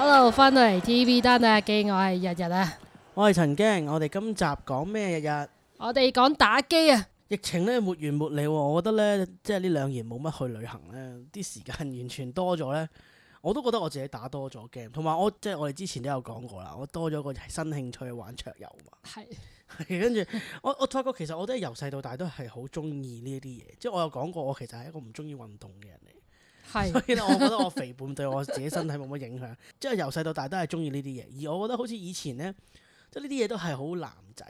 Hello，翻到嚟 TV 單啊！機我係日日啊，我係陳京，我哋今集講咩日日？我哋講打機啊！疫情咧沒完沒了，我覺得咧即係呢兩年冇乜去旅行咧，啲時間完全多咗咧，我都覺得我自己打多咗 game，同埋我即係、就是、我哋之前都有講過啦，我多咗個新興趣玩桌遊嘛，係的， 跟住我我發覺其實我都係由細到大都係好中意呢一啲嘢，即、就、係、是、我有講過我其實係一個唔中意運動嘅人嚟。係，是 所以我覺得我肥胖對我自己身體冇乜影響， 即係由細到大都係鍾意呢啲嘢，而我覺得好似以前呢，即係呢啲嘢都係好男仔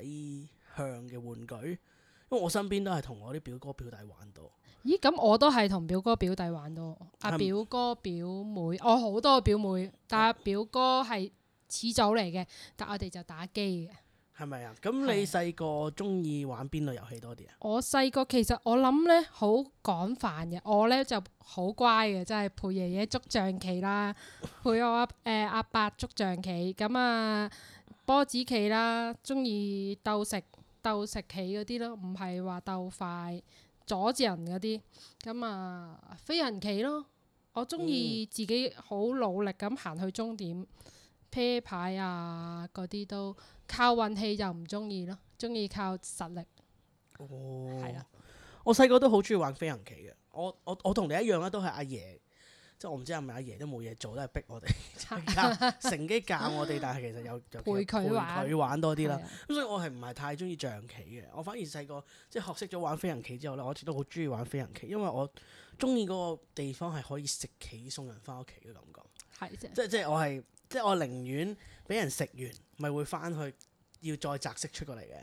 向嘅玩具，因為我身邊都係同我啲表，表，表哥表弟玩到。咦、嗯？咁我都係同表哥表弟玩到。阿表哥表妹，我好多表妹，但係表哥係始祖嚟嘅，但我哋就打機嘅。係咪啊？咁你細個中意玩邊類遊戲多啲啊？我細個其實我諗呢好廣泛嘅，我呢就好乖嘅，真係陪爺爺捉象棋啦， 陪我阿誒阿伯捉象棋，咁啊波子棋啦，中意鬥食鬥食棋嗰啲咯，唔係話鬥快阻住人嗰啲，咁啊飛行棋咯，我中意自己好努力咁行去終點，嗯、啤牌啊嗰啲都。靠運氣就唔中意咯，中意靠實力。哦，的我細個都好中意玩飛行棋嘅，我我我同你一樣啦，都係阿爺，即係我唔知係咪阿爺都冇嘢做，都係逼我哋，乘 機教我哋，但係其實有有陪佢玩，玩多啲啦。咁的所以我係唔係太中意象棋嘅？我反而細個即係學識咗玩飛行棋之後咧，我一直都好中意玩飛行棋，因為我中意嗰個地方係可以食棋送人返屋企嘅感覺。即係即係我係即係我寧願俾人食完。咪會翻去要再擲色出過嚟嘅，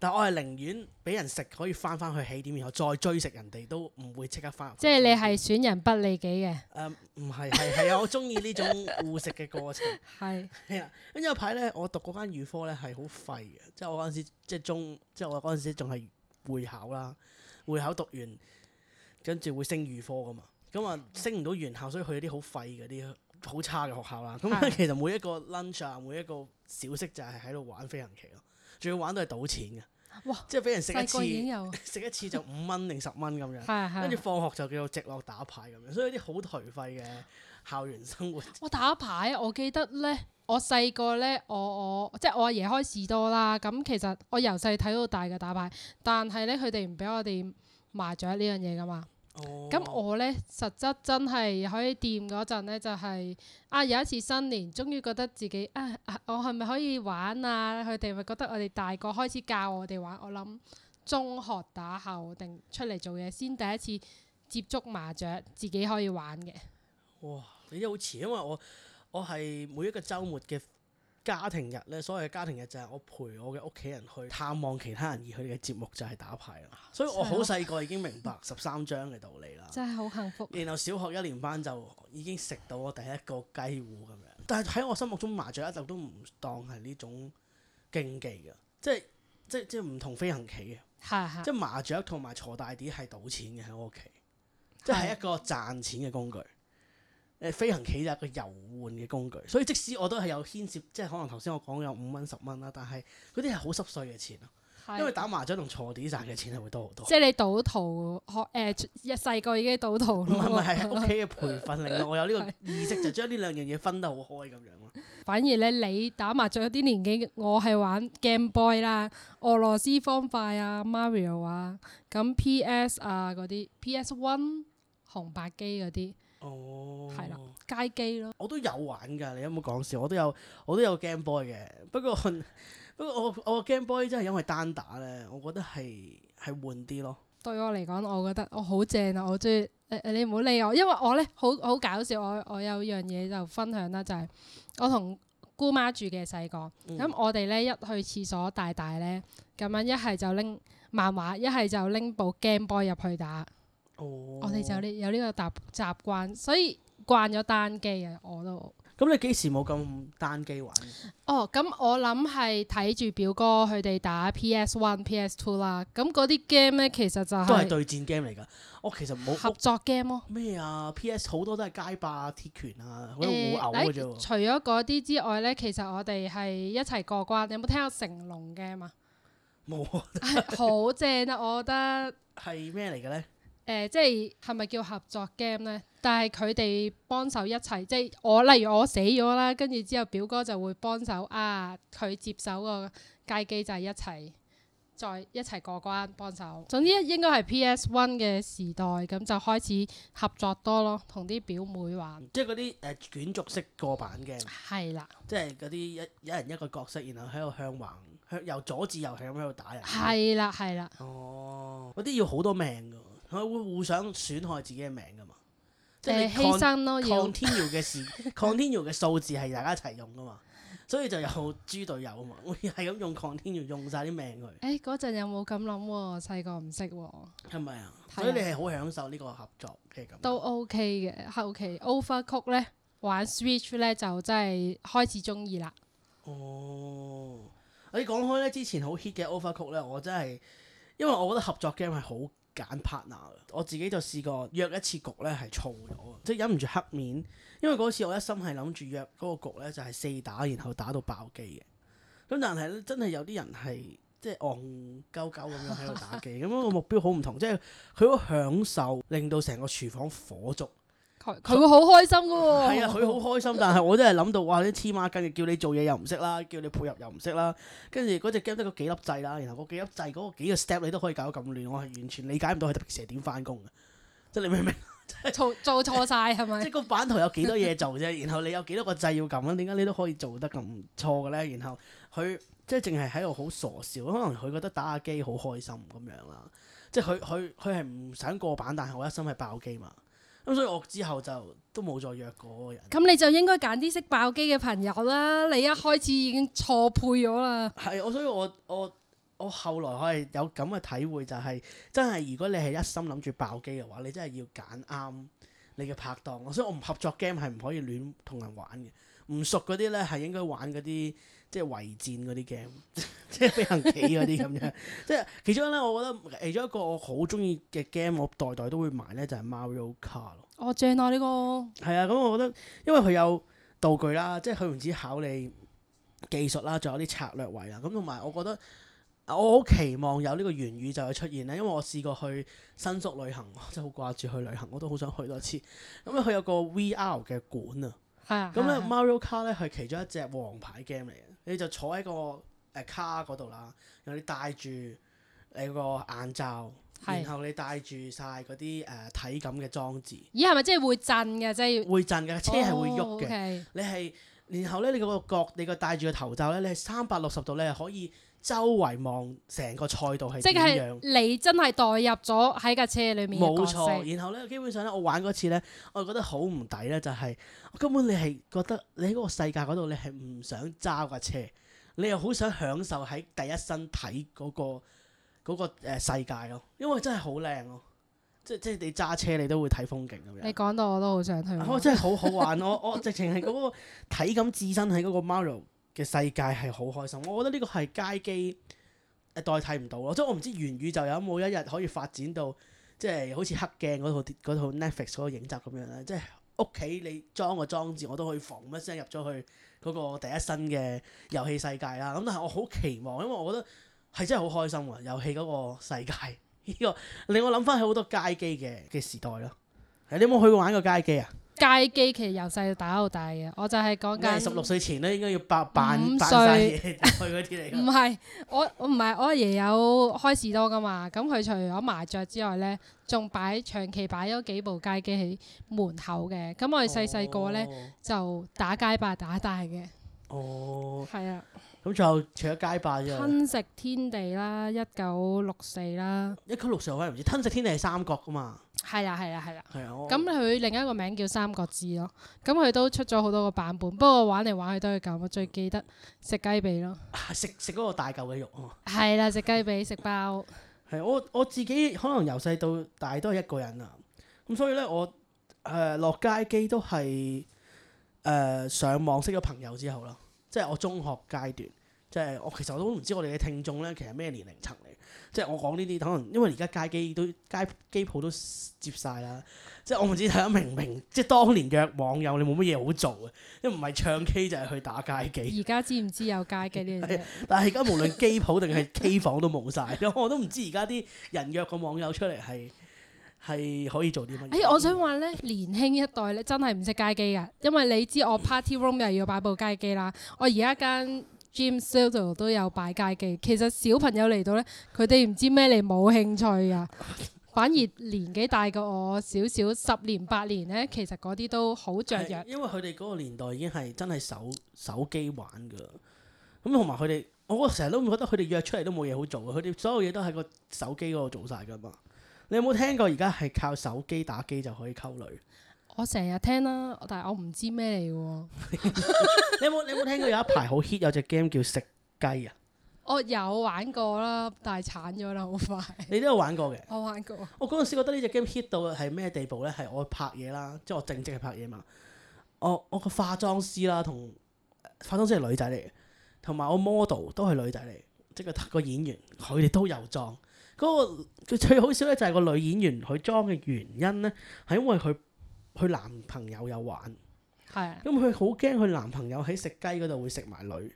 但我係寧願俾人食可以翻翻去起點，然後再追食人哋都唔會即刻翻。即係你係損人不利己嘅。誒唔係係係啊！我中意呢種互食嘅過程。係 是。係啊，咁有排咧，我讀嗰間預科咧係好廢嘅，即係我嗰陣時即係中，即係我嗰陣時仲係會考啦，會考讀完跟住會升預科㗎嘛，咁啊升唔到原校，所以去咗啲好廢嗰啲。好差嘅學校啦，咁的其實每一個 lunch 啊，每一個小息就係喺度玩飛行棋咯，仲要玩到係賭錢嘅，哇！即係俾人食一次，食一次就五蚊定十蚊咁樣，跟住 的放學就叫做直落打牌咁樣，所以啲好頹廢嘅校園生活。我打牌，我記得呢，我細個呢，我我即係我阿爺，爺開士多啦，咁其實我由細睇到大嘅打牌，但係呢，佢哋唔俾我哋麻雀呢樣嘢噶嘛。咁、哦、我呢，實質真係可以掂嗰陣呢，就係、是、啊有一次新年，終於覺得自己啊，我係咪可以玩啊？佢哋咪覺得我哋大個開始教我哋玩。我諗中學打後定出嚟做嘢，先第一次接觸麻雀，自己可以玩嘅。哇！你好遲，因為我我係每一個週末嘅。家庭日咧，所謂嘅家庭日就係我陪我嘅屋企人去探望其他人，而佢嘅節目就係打牌啦。所以我好細個已經明白十三張嘅道理啦。 真係好幸福、啊。然後小學一年班就已經食到我第一個雞糊咁樣。但係喺我心目中麻雀一竇都唔當係呢種競技嘅，即係即係唔同飛行棋嘅。 即係麻雀同埋鋤大啲係賭錢嘅喺我屋企，即係 一個賺錢嘅工具。誒飛行棋就係一個遊玩嘅工具，所以即使我都係有牽涉，即係可能頭先我講有五蚊十蚊啦，但係嗰啲係好濕碎嘅錢咯，的因為打麻雀同坐地賺嘅錢係會多好多。即係你賭徒學、呃、一細個已經賭徒唔係唔係，係屋企嘅培訓令到 我有呢個意識，就將呢兩樣嘢分得好開咁樣咯。反而咧，你打麻雀嗰啲年紀，我係玩 Game Boy 啦、俄羅斯方塊啊、Mario 啊，咁 PS 啊嗰啲 PS One 紅白機嗰啲。哦，係啦，oh，街機咯，我都有玩噶，你有冇講笑？我都有，我都有 Game Boy 嘅，不過不過 我我個 Game Boy 真係因為單打咧，我覺得係係悶啲咯。對我嚟講，我覺得我好正啊，我中意誒誒，你唔好理我，因為我咧好好搞笑，我我有一樣嘢就分享啦，就係、是、我同姑媽住嘅細個，咁、嗯、我哋咧一去廁所大大咧咁樣，一係就拎漫畫，一係就拎部 Game Boy 入去打。哦、我哋就呢有呢個習習慣，所以慣咗單機啊，我都。咁你幾時冇咁單機玩？哦，咁我諗係睇住表哥佢哋打 PS One、PS Two 啦。咁嗰啲 game 咧，其實就、啊、都係對戰 game 嚟㗎。哦，其實冇合作 game 咯、啊。咩啊？PS 好多都係街霸、鐵拳啊，好、呃、牛互㗎啫喎。除咗嗰啲之外咧，其實我哋係一齊過關。你有冇聽過《成龍 game》啊？冇沒。好 正、哎、啊！我覺得 。係咩嚟嘅咧？誒、呃、即係係咪叫合作 game 咧？但係佢哋幫手一齊，即係我例如我死咗啦，跟住之後表哥就會幫手啊，佢接手個街機就係一齊再一齊過關幫手。總之應該係 PS One 嘅時代咁就開始合作多咯，同啲表妹玩。即係嗰啲誒卷軸式過版嘅，a 係啦。即係嗰啲一一人一個角色，然後喺度向橫向由左至右係咁喺度打人。係啦，係啦。哦，嗰啲要好多命㗎。佢會互相損害自己嘅命噶嘛？即係、呃、Con 犧牲咯。抗天耀 嘅事，c o n t i n u e 嘅數字係大家一齊用噶嘛？所以就有豬隊友啊嘛！我係咁用 continue 用晒啲命佢。誒嗰陣又冇咁諗喎，細個唔識喎。係咪啊？所以你係好享受呢個合作嘅感。都 OK 嘅，後期 Over 曲咧玩 Switch 咧就真係開始中意啦。哦，你講開咧，之前好 hit 嘅 Over 曲咧，我真係因為我覺得合作 game 係好。揀 partner，我自己就試過約一次局呢係嘈咗，即係忍唔住黑面，因為嗰次我一心係諗住約嗰個局呢就係四打，然後打到爆機嘅。咁但係咧，真係有啲人係即係戇鳩鳩咁樣喺度打機，咁 個目標好唔同，即係佢好享受令到成個廚房火燭。佢會好開心嘅喎，係啊，佢好開心，但係我真係諗到哇！你黐孖筋，叫你做嘢又唔識啦，叫你配合又唔識啦，跟住嗰隻 game 得個幾粒掣啦，然後嗰幾粒掣嗰個幾個 step 你都可以搞到咁亂，我係完全理解唔到佢平時點返工嘅，即係你明唔明 做做錯晒，係咪？即係個版圖有幾多嘢做啫，然後你有幾多個掣要撳啊？點解 你都可以做得咁錯嘅咧？然後佢即係淨係喺度好傻笑，可能佢覺得打下機好開心咁樣啦。即係佢佢佢係唔想過版，但係我一心係爆機嘛。咁、嗯、所以我之後就都冇再約過嗰個人。咁你就應該揀啲識爆機嘅朋友啦。你一開始已經錯配咗啦。係我、嗯，所以我我我後來我係有咁嘅體會，就係、是、真係如果你係一心諗住爆機嘅話，你真係要揀啱你嘅拍檔。所以我唔合作 game 係唔可以亂同人玩嘅。唔熟嗰啲呢，係應該玩嗰啲。即係圍戰嗰啲 game，即係飛行棋嗰啲咁樣。 即係其中咧，我覺得其中一個我好中意嘅 game，我代代都會買咧，就係、是、Mario Kart 咯。哦，正啊呢、這個！係啊，咁、嗯、我覺得因為佢有道具啦，即係佢唔止考你技術啦，仲有啲策略位啦。咁同埋我覺得我好期望有呢個元宇宙嘅出現咧，因為我試過去新宿旅行，即係好掛住去旅行，我都好想去多次。咁、嗯、佢、嗯、有個 VR 嘅館啊。咁咧 Mario Kart 咧，係其中一隻王牌 game 嚟嘅。你就坐喺個誒 car 嗰度啦，然後你戴住你個眼罩，然後你戴住晒嗰啲誒體感嘅裝置。咦，係咪即係會震嘅，即係會震嘅車係會喐嘅？你係，然後咧你個角，你個戴住個頭罩咧，你係三百六十度你係可以。周圍望成個賽道係點樣？你真係代入咗喺架車裡面。冇錯，然後咧，基本上咧，我玩嗰次咧，我覺得好唔抵咧，就係、我、根本你係覺得你喺嗰個世界嗰度，你係唔想揸架車，你又好想享受喺第一身睇嗰、嗰個嗰、嗰個、世界咯，因為真係好靚咯，即即你揸車你都會睇風景咁樣。你講到我都好想睇、啊。我、哦、真係好好玩、啊，我我、 哦、直情係嗰個體感置身喺嗰個 model 嘅世界係好開心，我覺得呢個係街機誒代替唔到咯，即係我唔知元宇宙有冇一日可以發展到即係好似黑鏡嗰套嗰套 Netflix 嗰個影集咁樣咧，即係屋企你裝個裝置，我都可以防一聲入咗去嗰個第一身嘅遊戲世界啦。咁但係我好期望，因為我覺得係真係好開心嘅遊戲嗰個世界呢、這個令我諗翻起好多街機嘅嘅時代咯。你有冇去過玩過街機啊？街機其實由細到打大都大嘅，我就係講緊。十六歲前咧應該要扮扮扮細。五歲。唔係， 我我唔係，我爺爺有開士多噶嘛？咁佢除咗麻雀之外咧，仲擺長期擺咗幾部街機喺門口嘅。咁我哋細細個咧就打街霸打大嘅。哦。係啊。咁就除咗街霸啫。吞食天地啦，一九六四啦。一九六四我唔知，吞食天地係三國噶嘛。係啦，係啦，係啦。係啊。咁佢、嗯、另一個名叫《三國志》咯。咁佢都出咗好多個版本。不過玩嚟玩去都係咁。我最記得食雞髀咯。食食嗰個大嚿嘅肉哦。係、啊、啦，食雞髀，食包。係我我自己可能由細到大都係一個人啊。咁所以咧，我誒落、呃、街機都係誒、呃、上網識咗朋友之後咯。即、就、係、是、我中學階段，即、就、係、是、我其實我都唔知我哋嘅聽眾咧，其實咩年齡層？即係我講呢啲，可能因為而家街機都街機鋪都接晒啦。即係我唔知睇下，明唔明，即係當年約網友你冇乜嘢好做嘅，即係唔係唱 K 就係去打街機。而家知唔知有街機呢樣嘢？ 但係而家無論機鋪定係 K 房都冇晒。 我都唔知而家啲人約個網友出嚟係係可以做啲乜嘢。哎，我想話咧， 年輕一代咧真係唔識街機㗎，因為你知我 Party Room 又要擺部街機啦，我而家間。g a m studio 都有擺街機，其實小朋友嚟到呢，佢哋唔知咩，你冇興趣啊。反而年紀大過我少少，十年八年呢，其實嗰啲都好雀躍。因為佢哋嗰個年代已經係真係手手機玩噶，咁同埋佢哋，我成日都覺得佢哋約出嚟都冇嘢好做。佢哋所有嘢都喺個手機嗰度做晒噶嘛。你有冇聽過而家係靠手機打機就可以溝女？我成日聽啦，但係我唔知咩嚟嘅。 你有冇你有冇聽過有一排好 hit 有隻 game 叫食雞啊？我有玩過啦，但係慘咗啦，好快。你都有玩過嘅。我玩過。我嗰陣時覺得呢隻 game hit 到係咩地步咧？係我拍嘢啦，即係我正正係拍嘢嘛。我我個化妝師啦，同化妝師係女仔嚟嘅，同埋我 model 都係女仔嚟，即係個個演員佢哋都有裝。嗰個佢最好笑咧，就係個女演員佢裝嘅原因咧，係因為佢。佢男朋友有玩，咁佢好驚佢男朋友喺食雞嗰度會食埋女，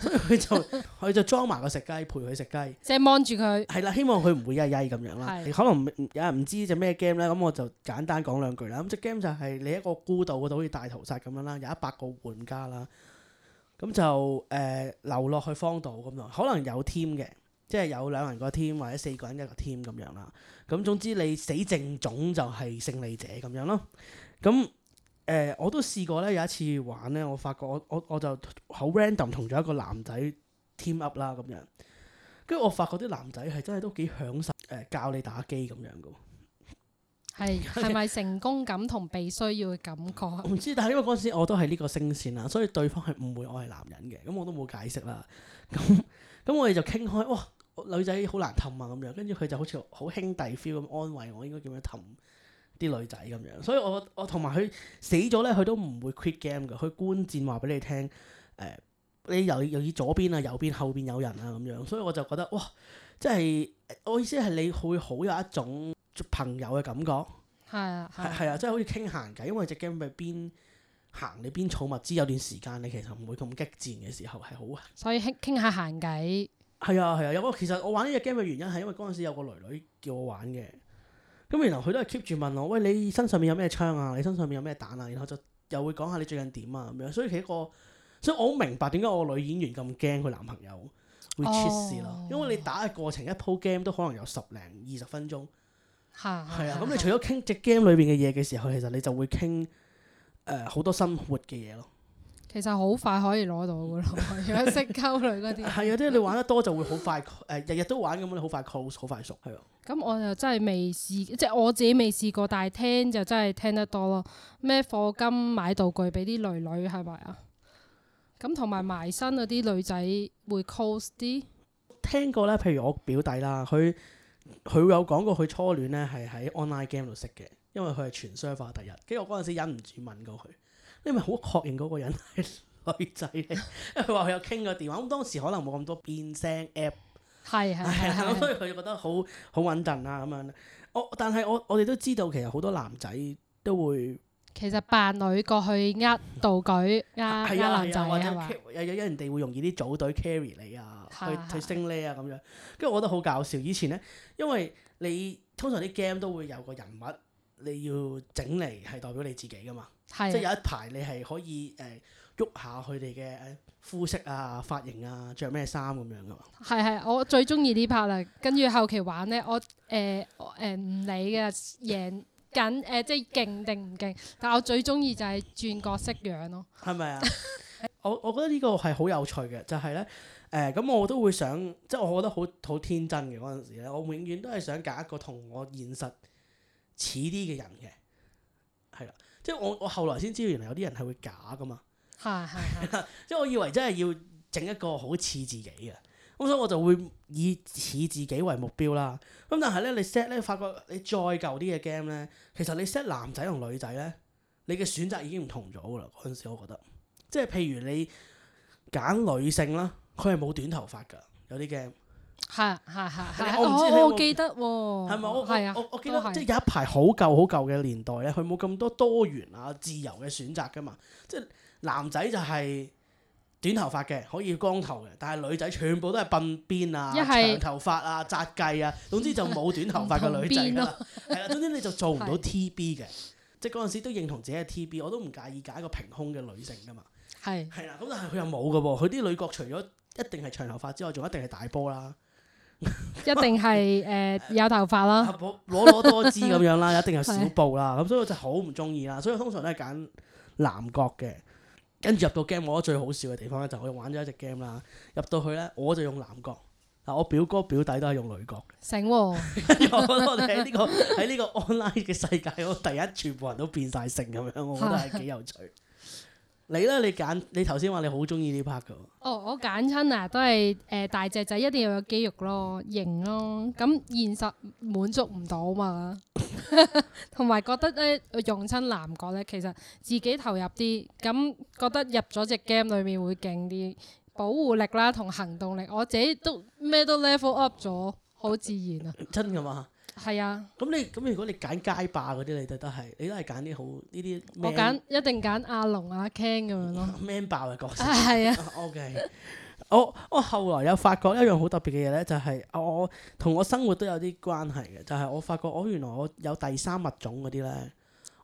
所以佢就佢就裝埋個食雞陪佢食雞，即係望住佢。係啦，希望佢唔會曳曳咁樣啦。 可能有人唔知呢隻咩 game 咧，咁我就簡單講兩句啦。咁隻 game 就係你一個孤島嗰度，好似大屠殺咁樣啦，有一百個玩家啦，咁就誒、呃、流落去荒島咁樣，可能有 team 嘅。即係有兩個人個 team 或者四個人一個 team 咁樣啦，咁總之你死正總就係勝利者咁樣咯。咁、嗯、誒、呃，我都試過咧，有一次玩咧，我發覺我我就好 random 同咗一個男仔 team up 啦咁樣，跟住我發覺啲男仔係真係都幾享受誒、呃、教你打機咁樣㗎喎。係係咪成功感同被需要嘅感覺？我唔 嗯、知，但係因為嗰陣時我都係呢個聲線啊，所以對方係誤會我係男人嘅，咁我都冇解釋啦。咁咁我哋就傾開，哇！女仔好難氹啊咁樣，跟住佢就好似好兄弟 feel 咁安慰我，我應該叫咩氹啲女仔咁樣。所以我我同埋佢死咗咧，佢都唔會 quit game 㗎。佢觀戰話俾你聽，誒、呃，你又又以左邊啊、右邊、後邊有人啊咁樣。所以我就覺得哇，即係我意思係你會好有一種朋友嘅感覺。係啊係啊，即係、啊啊、好似傾閒偈，因為隻 game 咪邊行你邊儲物資，有段時間你其實唔會咁激戰嘅時候係好啊。所以傾傾下閒偈。係啊係啊，有個其實我玩呢隻 game 嘅原因係因為嗰陣時有個女女叫我玩嘅，咁然後佢都係 keep 住問我，喂你身上面有咩槍啊？你身上面有咩彈啊？然後就又會講下你最近點啊咁樣、嗯。所以其實一個，所以我好明白點解我個女演員咁驚佢男朋友會 cheat 事咯。哦、因為你打嘅過程一鋪 game 都可能有十零二十分鐘，係、哦、啊。咁你除咗傾隻 game 裏邊嘅嘢嘅時候，其實你就會傾誒好多生活嘅嘢咯。其實好快可以攞到噶咯，如果識溝女嗰啲係啊，啲 你玩得多就會好快誒，日日、 呃、都玩咁樣，好快 close，好快熟係啊。咁我又真係未試，即、就、係、是、我自己未試過，但係聽就真係聽得多咯。咩課金買道具俾啲女女係咪啊？咁同埋埋身嗰啲女仔會 close 啲？聽過啦，譬如我表弟啦，佢佢有講過佢初戀咧係喺 online game 度識嘅，因為佢係全 server 第一。跟住我嗰陣時忍唔住問過佢。因為好確認嗰個人係女仔咧，因為佢話佢有傾過電話，咁當時可能冇咁多變聲 app，係係係，咁所以佢覺得好好穩陣啊。咁樣。我但係我我哋都知道，其實好多男仔都會其實扮女過去呃道具、呃男啊男或者有有人哋會容易啲組隊 carry 你啊，去去升 level 啊。咁樣。跟住我覺得好搞笑，以前咧，因為你通常啲 game 都會有個人物，你要整嚟係代表你自己噶嘛？係，即係 有一排你係可以誒喐、呃、下佢哋嘅膚色啊、髮型啊、着咩衫咁樣㗎嘛？係係，我最中意呢 part 啦。跟住後期玩咧，我誒誒唔理嘅，贏緊誒即係勁定唔勁。但係我最中意就係轉角色樣咯。係咪啊？ 我我覺得呢個係好有趣嘅，就係咧誒咁，呃、我都會想，即、就、係、是、我覺得好好天真嘅嗰陣時咧，我永遠都係想揀一個同我現實似啲嘅人嘅，係啦。即係我我後來先知道，原來有啲人係會假㗎嘛。係係係。即係我以為真係要整一個好似自己嘅，咁所以我就會以似自己為目標啦。咁但係咧，你 set 咧，發覺你再舊啲嘅 game 咧，其實你 set 男仔同女仔咧，你嘅選擇已經唔同咗噶啦。嗰陣時我覺得，即係譬如你揀女性啦，佢係冇短頭髮㗎，有啲 game。係係係哦，我唔知我記得喎。係咪我？係啊。我我記得，即係有一排好舊好舊嘅年代咧，佢冇咁多多元啊、自由嘅選擇噶嘛。即係男仔就係短頭髮嘅，可以光頭嘅，但係女仔全部都係辮辮啊、長頭髮啊、紮髻啊，總之就冇短頭髮嘅女仔啦。係啦，總之你就做唔到 T B 嘅。即係嗰陣時都認同自己係 T B，我都唔介意揀一個平胸嘅女性噶嘛。係係啦，咁但係佢又冇噶喎。佢啲女角除咗一定係長頭髮之外，仲一定係大波啦。 一定係誒、呃、 有頭髮咯，攞攞、啊、多姿咁樣啦，一定係小布啦，咁 對 所以我就好唔中意啦，所以我通常都係揀男角嘅。跟住入到 game 我覺得最好笑嘅地方咧，就我玩咗一隻 game 啦，入到去咧我就用男角，嗱我表哥表弟都係用女角，成明、哦， 我覺得我哋喺呢個喺呢個 online 嘅世界，我第一全部人都變晒性咁樣，我覺得係幾有趣。 你咧？你揀？你頭先話你好中意呢 part 噶？哦，我揀親啊，都係誒、呃、大隻仔，一定要有肌肉咯，型咯。咁現實滿足唔到嘛，同 埋覺得咧、欸、用親男角咧，其實自己投入啲，咁覺得入咗隻 game 裏面會勁啲，保護力啦同行動力，我自己都咩都 level up 咗，好自然啊！嗯、真噶嘛？係啊，咁你咁如果你揀街霸嗰啲，你都都係，你都係揀啲好呢啲，我揀一定揀阿龍阿 k i n g 咁樣咯。Man 爆角色啊，嗰時啊係啊。 OK， 我我後來有發覺一樣好特別嘅嘢咧，就係、是、我同我，我生活都有啲關係嘅，就係、是、我發覺我原來我有第三物種嗰啲咧，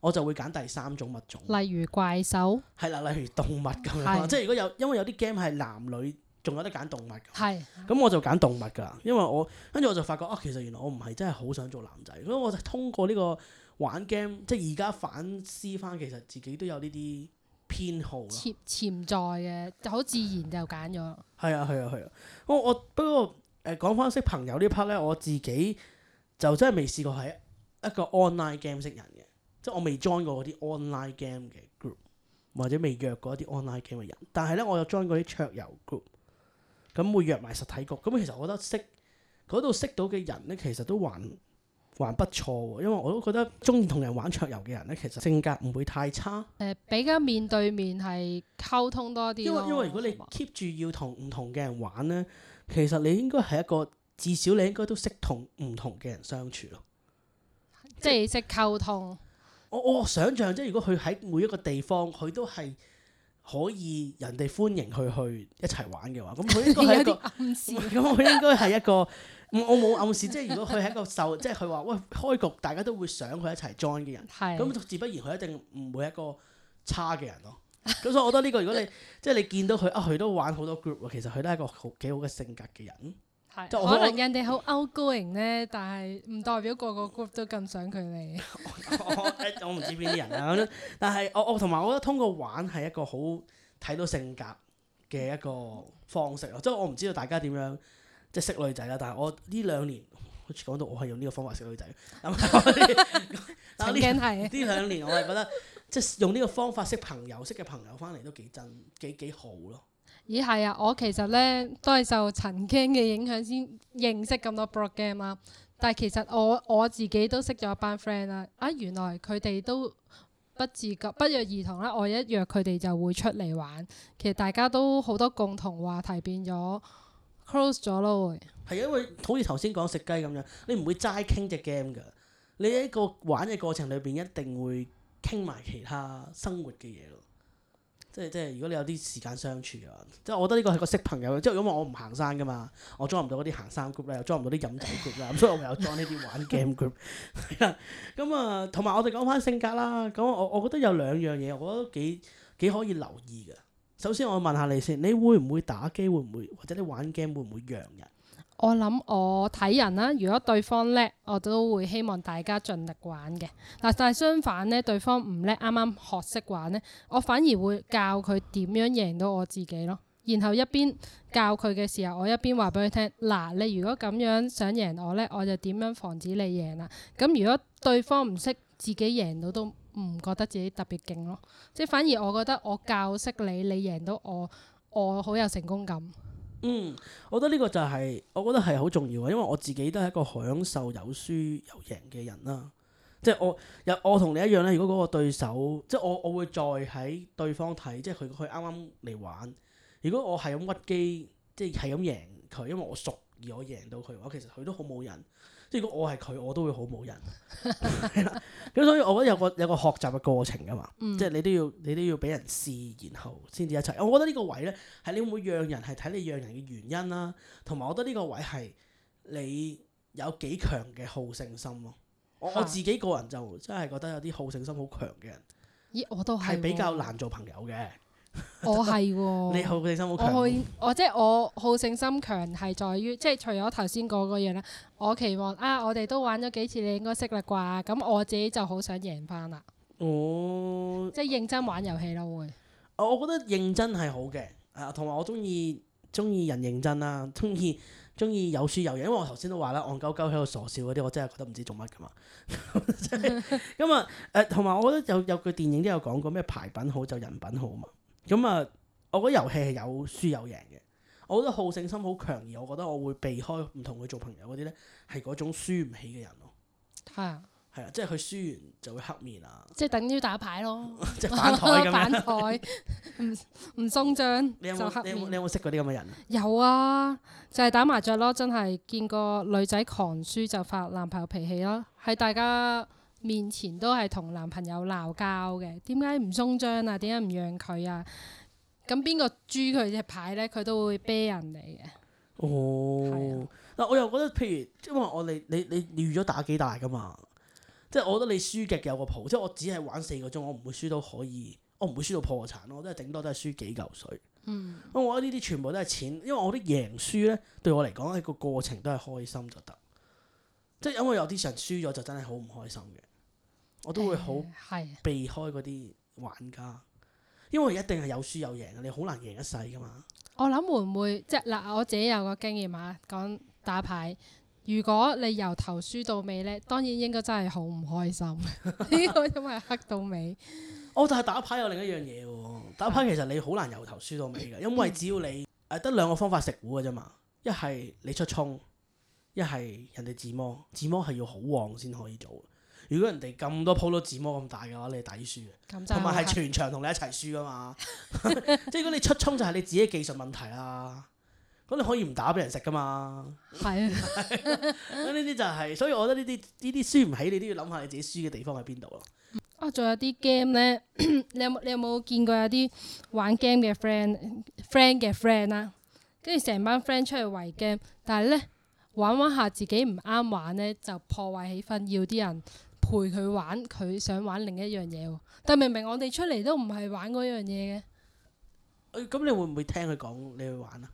我就會揀第三種物種。例如怪獸。係啦，例如動物咁樣，啊、即係如果有因為有啲 game 係男女。仲有得揀動物，咁係、嗯、我就揀動物㗎。因為我跟住我就發覺啊，其實原來我唔係真係好想做男仔。咁我就通過呢個玩 game，即係而家反思翻，其實自己都有呢啲偏好。潛在嘅，就好自然就揀咗。係啊，係啊，係啊，係啊，係啊。我不過誒、呃、講翻識朋友呢 part 咧，我自己就真係未試過喺一個 online game 識人嘅，即係我未 join 過啲 online game 嘅 group，或者未約過一啲 online game 嘅人。但係咧，我有 join 過啲桌遊 group。咁會約埋實體局，咁其實我覺得識嗰度識到嘅人咧，其實都還還不錯喎，因為我都覺得鍾意同人玩桌遊嘅人咧，其實性格唔會太差。誒，比較面對面係溝通多啲。因為因為如果你 keep 住要同唔同嘅人玩咧，吧其實你應該係一個至少你應該都識同唔同嘅人相處咯，即係是識溝通。我我想象即係如果佢喺每一個地方，佢都係。可以人哋歡迎佢去一齊玩嘅話，咁佢、嗯、應該係一個咁 我應該係一個我冇暗示，即係如果佢係一個受， 即係佢話喂開局大家都會想佢一齊 join 嘅人，咁的自不然佢一定唔會一個差嘅人咯。咁 所以我覺得呢、這個如果你即係你見到佢啊，佢都玩好多 group 其實佢都係一個好幾好嘅性格嘅人。係，可能人哋好 outgoing 咧，但係唔代表個個 group 都咁想佢哋。我我我唔知邊啲人啦、啊， 但係我我同埋我覺得通過玩係一個好睇到性格嘅一個方式咯。即係我唔知道大家點樣即係識女仔啦。但係我呢兩年好似、哎、講到我係用呢個方法識女仔。咁，但係呢 兩年我係覺得即係用呢個方法識朋友、 識嘅朋友翻嚟都幾真、幾幾好咯。咦，係啊，我其實咧都係受曾經嘅影響先認識咁多 board game 啦。但係其實我我自己都識咗一班 friend 啦。啊，原來佢哋都不自覺不約而同啦。我一約佢哋就會出嚟玩。其實大家都好多共同話題變，變咗 close 咗咯。會係因為好似頭先講食雞咁樣，你唔會齋傾隻 game 㗎。你喺一個玩嘅過程裏邊，一定會傾埋其他生活嘅嘢咯。即係即係，如果你有啲時間相處啊，即係我覺得呢個係個識朋友。即係因為我唔行山噶嘛，我 join 唔到嗰啲行山 group 啦，又 join 唔到啲飲酒 group 啦，所以我唯、 嗯、有 join 呢啲玩 game group。咁啊，同埋我哋講翻性格啦。咁我我覺得有兩樣嘢，我覺得幾幾可以留意嘅。首先我問下你先，你會唔會打機？會唔會或者你玩 game 會唔會讓人？我諗我睇人啦，如果對方叻，我都會希望大家盡力玩嘅。但係相反咧，對方唔叻，啱啱學識玩呢，我反而會教佢點樣贏到我自己咯。然後一邊教佢嘅時候，我一邊話俾佢聽：嗱，你如果咁樣想贏我咧，我就點樣防止你贏啦、啊。咁如果對方唔識自己贏到都唔覺得自己特別勁咯。即係反而我覺得我教識你，你贏到我，我好有成功感。嗯，我覺得呢個就係、係、我覺得係好重要嘅，因為我自己都係一個享受有輸有贏嘅人啦、啊。即係我，又我同你一樣咧。如果嗰個對手，即係我，我會再喺對方睇，即係佢佢啱啱嚟玩。如果我係咁屈機，即係係咁贏佢，因為我熟而我贏到佢，嘅話其實佢都好冇癮。即如果我係佢，我都會好冇癮。咁 所以，我覺得有個有個學習嘅過程噶嘛，即係、嗯、你都要你都要俾人試，然後先至一齊。我覺得呢個位咧，係你會唔會讓人係睇你讓人嘅原因啦、啊，同埋我覺得呢個位係你有幾強嘅好勝心咯、啊。我，啊、我自己個人就真係覺得有啲好勝心好強嘅人，咦我都係、啊、比較難做朋友嘅。我係， 你好勝心好強。我 我即係我好勝心強，係在於即係除咗頭先嗰個嘢咧，我期望啊，我哋都玩咗幾次，你應該識啦啩。咁我自己就好想贏翻啦。哦，即係認真玩遊戲咯會。我、哦、我覺得認真係好嘅，同埋我中意中意人認真啦，中意中意有輸有贏。因為我頭先都話啦，戇鳩鳩喺度傻笑嗰啲，我真係覺得唔知做乜噶嘛。咁啊，誒，同埋我覺得有有句電影都有講過咩，牌品好就人品好嘛。咁啊，嗯，我覺得遊戲係有輸有贏嘅。我覺得好勝心好強，而我覺得我會避開唔同佢做朋友嗰啲咧，係嗰種輸唔起嘅人咯。係啊，係啊，即係佢輸完就會黑面啊。即係等於打牌咯， 即係反台咁樣。反台，唔唔鬆張就黑面。你有冇有，你有，有，你有，有識嗰啲咁嘅人？ 有啊，就係、是、打麻雀咯，真係見個女仔狂輸就發男朋友脾氣咯。係大家。面前都係同男朋友鬧交嘅，點解唔鬆張啊？點解唔讓佢啊？咁邊個豬佢隻牌咧？佢都會啤人哋嘅。哦、嗯，嗱，我又覺得，譬如因為我哋，你你預咗打幾大㗎嘛？即係我覺得你輸極有個譜，即係我只係玩四個鐘，我唔會輸到可以，我唔會輸到破產咯。即係頂多都係輸幾嚿水。嗯，我覺得呢啲全部都係錢，因為我啲贏輸咧對我嚟講係個過程，都係開心就得。即係因為有啲人，人輸咗就、ER、真係好唔開心嘅。我都會好避開嗰啲玩家，因為一定係有輸有贏嘅，你好難贏一世噶嘛。我諗會唔會即嗱？我自己有個經驗啊，講打牌，如果你由頭輸到尾呢，當然應該真係好唔開心。呢個 因為黑到尾。哦，但係打牌有另一樣嘢喎，打牌其實你好難由頭輸到尾嘅，因為只要你得、 呃、兩個方法食糊嘅啫嘛，一係你出衝，一係人哋自摸，自摸係要好旺先可以做。如果人哋咁多鋪都紙模咁大嘅話，你係抵輸嘅，同埋係全場同你一齊輸噶嘛。即係 如果你出衝就係你自己嘅技術問題啦，咁你可以唔打俾人食噶嘛。係 的，咁呢啲就係、是，所以我覺得呢啲呢啲輸唔起，你都要諗下你自己輸嘅地方喺邊度咯。啊，仲有啲 game 咧，你有冇你有冇見過有啲玩 game 嘅 friend，friend 嘅 friend 啊！跟住成班 friend 出去圍 game，但係咧玩玩下自己唔啱玩咧，就破壞氣氛，要啲人，陪佢玩，佢想玩另一樣嘢喎。但明明我哋出嚟都唔係玩嗰樣嘢嘅。咁、嗯、你會唔會聽佢講你去玩啊？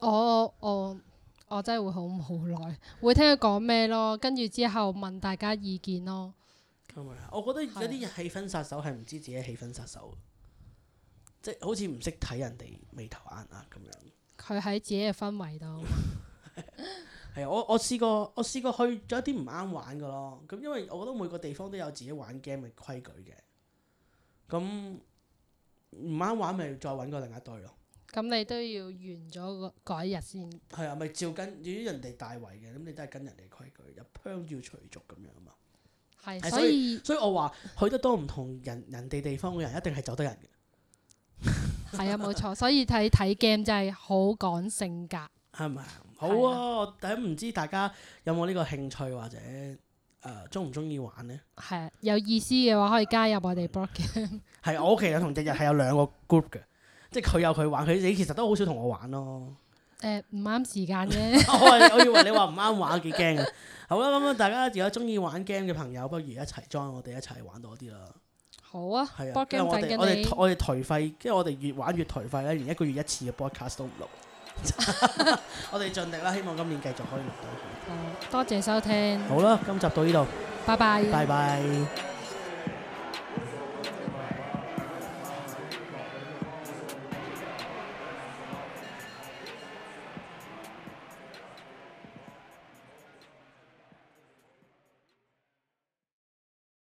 我我我真係會好無奈，會聽佢講咩咯，跟住之後問大家意見咯。嗯、我覺得有啲人氣氛殺手係唔知自己嘅氣氛殺手，的即係好似唔識睇人哋眉頭眼額咁樣。佢喺自己嘅氛圍度。 係啊，我我試過，我試過去咗一啲唔啱玩嘅咯。咁因為我覺得每個地方都有自己玩 game 嘅規矩嘅，咁唔啱玩咪再揾個另一隊咯。咁你都要完咗個嗰一日先。係啊，咪、就是、照跟，如果人哋大圍嘅，咁你都係跟人哋規矩入鄉要隨俗咁樣啊嘛。係，所以所以，所以我話去得多唔同人人哋地方嘅人，一定係走得人嘅。係 啊，冇錯。所以睇睇 game 就係好講性格。係嘛？好啊！第一唔知大家有冇呢個興趣或者誒中唔中意玩呢？係啊，有意思嘅話可以加入我哋 board game 係我屋企有同日日係有兩個 group 嘅，即係佢有佢玩，佢你其實都好少同我玩咯。誒唔啱時間啫。我以為你話唔啱玩幾驚啊。好啦，咁啊，大家如果有中意玩 game 嘅朋友，不如一齊 join 我哋一齊玩多啲啦。好啊，係啊，我哋我哋我哋頹廢，我哋越玩越頹廢咧，連一個月一次嘅 broadcast 都唔錄。 我哋盡力啦，希望今年繼續可以錄到佢。多謝收聽。好啦，今集到呢度，拜拜，拜拜。